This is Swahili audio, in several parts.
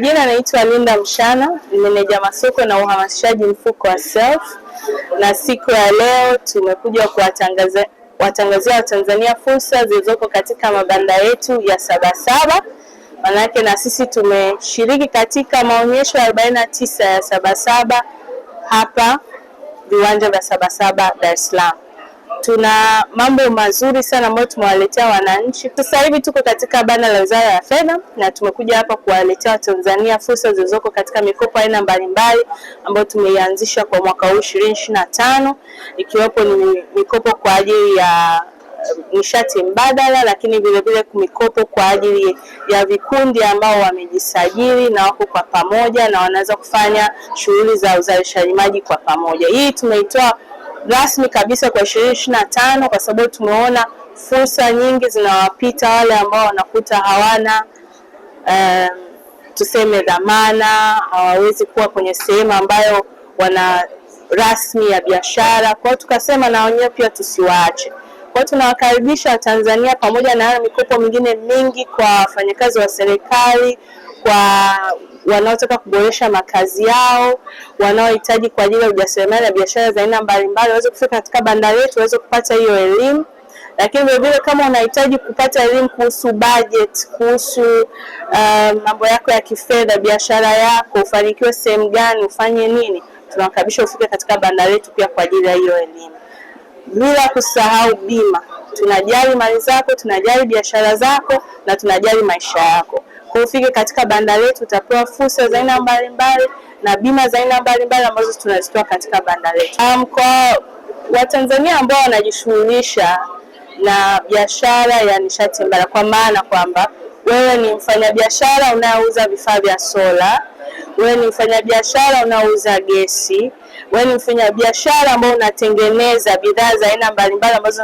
majina naitwa Linda Mshana, meneja masoko na uhamasishaji mfuko wa Self, na siku ya leo tumekuja kuwatangazia watangazia Watanzania fursa zilizoko katika mabanda yetu ya Sabasaba. Manake na sisi tumeshiriki katika maonyesho arobaini na tisa ya Sabasaba hapa viwanja vya Sabasaba Dar es Salaam tuna mambo mazuri sana ambayo tumewaletea wananchi. Sasa hivi tuko katika bana la Wizara ya Fedha na tumekuja hapa kuwaletea Watanzania fursa zilizoko katika mikopo aina mbalimbali ambayo tumeianzisha kwa mwaka huu ishirini ishirini na tano ikiwepo ni mikopo kwa ajili ya eh, nishati mbadala, lakini vilevile mikopo kwa ajili ya vikundi ambao wamejisajili na wako kwa pamoja na wanaweza kufanya shughuli za uzalishaji maji kwa pamoja. Hii tumeitoa rasmi kabisa kwa ishirini ishirini na tano kwa sababu tumeona fursa nyingi zinawapita wale ambao wanakuta hawana um, tuseme dhamana, hawawezi kuwa kwenye sehemu ambayo wana rasmi ya biashara. Kwa hiyo tukasema na wenyewe pia tusiwaache. Kwa hiyo tunawakaribisha Watanzania pamoja na mikopo mingine mingi kwa wafanyakazi wa serikali, kwa wanaotaka kuboresha makazi yao, wanaohitaji kwa ajili ya ujasiriamali na biashara za aina mbalimbali waweze kufika katika bandari yetu waweze kupata hiyo elimu. Lakini vilevile kama unahitaji kupata elimu kuhusu budget, kuhusu uh, mambo yako ya kifedha, biashara yako, ufanikiwe sehemu gani, ufanye nini, tunakaribisha ufike katika bandari yetu pia kwa ajili ya hiyo elimu, bila kusahau bima tunajali mali zako, tunajali biashara zako na tunajali maisha yako. Kwa ufike katika banda letu, utapewa fursa za aina mbalimbali na bima za aina mbalimbali ambazo tunazitoa katika banda letu. Um, kwa Watanzania ambao wanajishughulisha na biashara ya nishati mbadala, kwa maana kwamba wewe ni mfanyabiashara unayeuza vifaa vya sola, wewe ni mfanyabiashara unaouza gesi, wewe ni mfanyabiashara ambao unatengeneza bidhaa za aina mbalimbali ambazo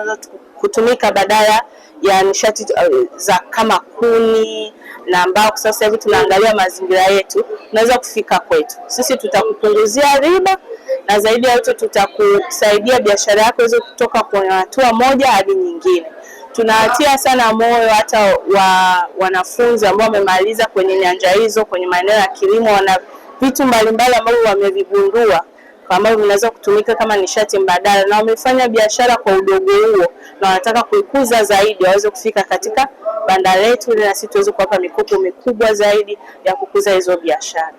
kutumika badala ya nishati uh, za kama kuni na ambao sasa hivi tunaangalia mazingira yetu, unaweza kufika kwetu sisi, tutakupunguzia riba na zaidi ya yote tutakusaidia biashara yako iweze kutoka kwenye hatua moja hadi nyingine. Tunawatia sana moyo hata wa wanafunzi ambao wamemaliza kwenye nyanja hizo, kwenye maeneo ya kilimo, wana vitu mbalimbali ambavyo wamevigundua ambavyo vinaweza kutumika kama nishati mbadala, na wamefanya biashara kwa udogo huo na wanataka kuikuza zaidi, waweze kufika katika banda letu ili na sisi tuweze kuwapa mikopo mikubwa zaidi ya kukuza hizo biashara.